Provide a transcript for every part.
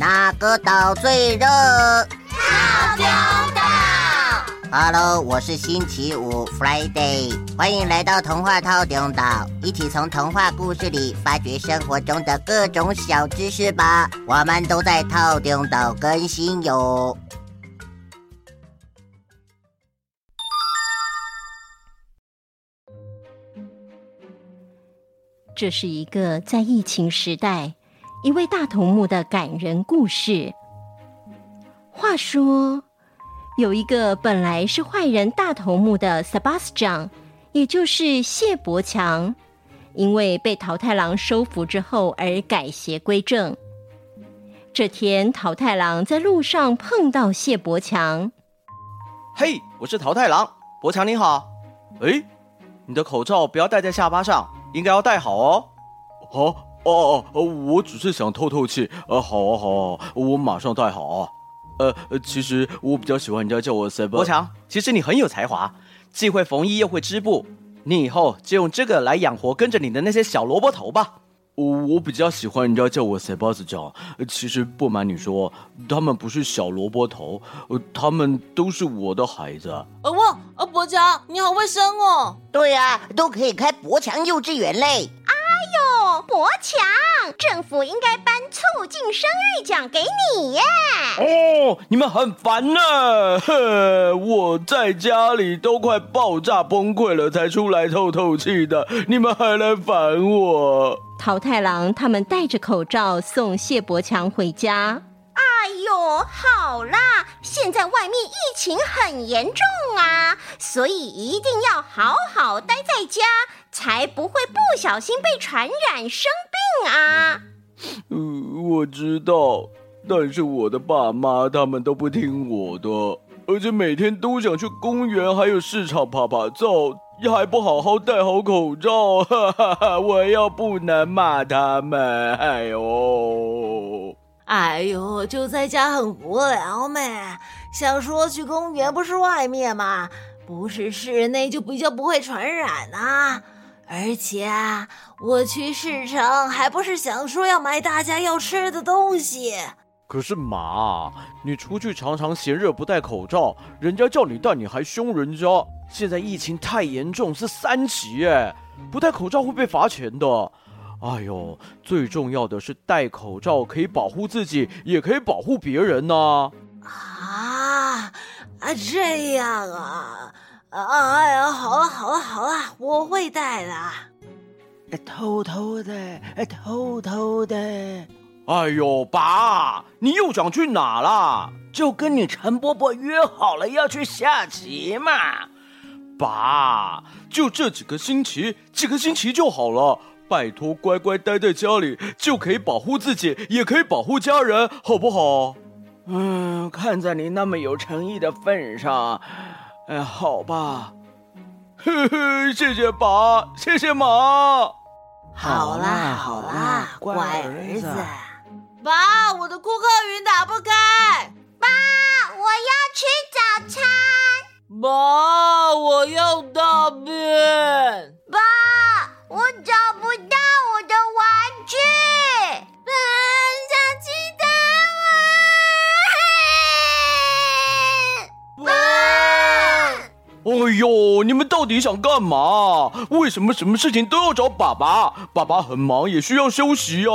哪個島最熱？套頂島。Hello，我是星期五 Friday，歡迎來到童話套頂島，一起從童話故事裡發掘生活中的各種小知識吧。我們都在套頂島更新喲。這是一個在疫情時代。一位大頭目的感人故事。話說，有一個本來是壞人，大頭目的塞巴斯醬，也就是謝伯強，因為被桃太郎收服之後而改邪歸正。這天，桃太郎在路上碰到謝伯強。嘿，hey, 我是桃太郎，伯強你好。哎、欸，你的口罩不要戴在下巴上，應該要戴好哦。哦。哦哦，哦，我只是想透透氣啊、呃！好啊好啊，我馬上戴好啊。呃，其實我比較喜歡人家叫我塞巴斯、e、伯強，其實你很有才華，既會縫衣又會織布，你以後就用這個來養活跟着你的那些小蘿蔔頭吧。我、哦、我比較喜歡人家叫我塞巴斯醬。其實不瞞你說，他們不是小蘿蔔頭，呃、他們都是我的孩子。呃，哇呃，伯強，你好會生哦。對呀、啊，都可以開伯強幼稚園，園嘞。哎呦，伯強，政府應該頒促進生育獎給你耶！哦，你們很煩呢、欸，哼，我在家裡都快爆炸崩潰了，才出來透透氣的，你們還來煩我！桃太郎他們戴着口罩送謝伯強回家。哎呦，好啦，現在外面疫情很嚴重啊，所以一定要好好待在家，才不會不小心被傳染生病啊！嗯、呃，我知道，但是我的爸媽他們都不聽我的，而且每天都想去公園還有市場趴趴走，還不好好戴好口罩。哈哈哈哈，我又不能罵他們。哎呦，哎呦，就在家很無聊嘛，想說去公園不是外面嘛，不是室內就比較不會傳染啊。而且啊，我去市場還不是想說要買大家要吃的東西。可是媽，你出去常常嫌熱不戴口罩，人家叫你戴你還兇人家。現在疫情太嚴重，是三級耶，不戴口罩會被罰錢的。哎呦，最重要的是戴口罩可以保護自己，也可以保護別人呢、啊。啊啊，這樣啊。啊、哎呀，好了好了好了，我會帶的。偷偷的，偷偷的。哎呦，爸，你又想去哪啦？就跟你陳伯伯約好了要去下棋嘛。爸，就這幾個星期，幾個星期就好了。拜托，乖乖待在家裡，就可以保護自己，也可以保護家人，好不好？嗯，看在你那麼有誠意的份上。哎呀，好吧，嘿嘿，謝謝爸，謝謝媽。好啦，好啦，乖兒子。爸，我的酷課雲打不開。爸，我要吃早餐。媽，我要大便。哎呦，你們到底想幹嘛？為什麼什麼事情都要找爸爸？爸爸很忙，也需要休息啊。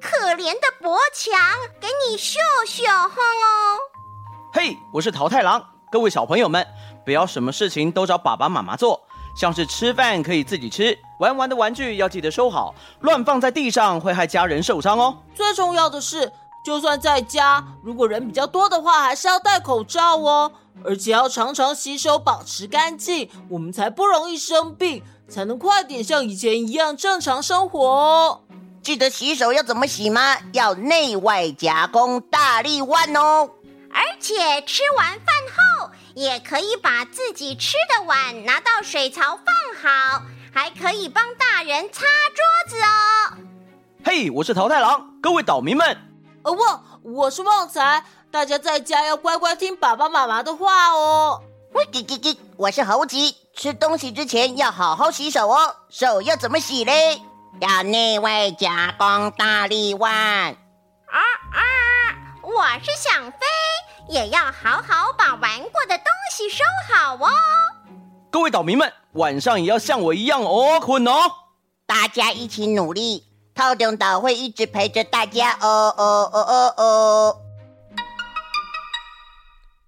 可憐的伯強，給你秀秀哼哦。嘿，hey, 我是桃太郎，各位小朋友們，不要什麼事情都找爸爸媽媽做。像是吃飯可以自己吃，玩完的玩具要記得收好，亂放在地上會害家人受傷哦。最重要的是，就算在家，如果人比較多的話，還是要戴口罩哦。而且要常常洗手，保持乾淨，我們才不容易生病，才能快點像以前一樣正常生活哦。記得洗手要怎麼洗嗎？要內外夾攻，大力腕哦。而且吃完飯後，也可以把自己吃的碗拿到水槽放好，還可以幫大人擦桌子哦。嘿，hey, 我是桃太郎，各位島民們。哦、呃、我,我是旺財。大家在家要乖乖聽爸爸媽媽的話哦。喂，嘰嘰嘰，我是猴子，吃東西之前要好好洗手哦。手要怎麼洗嘞？要內外夾攻大力腕。啊啊！我是想飛，也要好好把玩過的東西收好哦。各位島民們，晚上也要像我一樣哦，困哦。大家一起努力，套頂島會一直陪着大家哦哦哦哦哦，哦。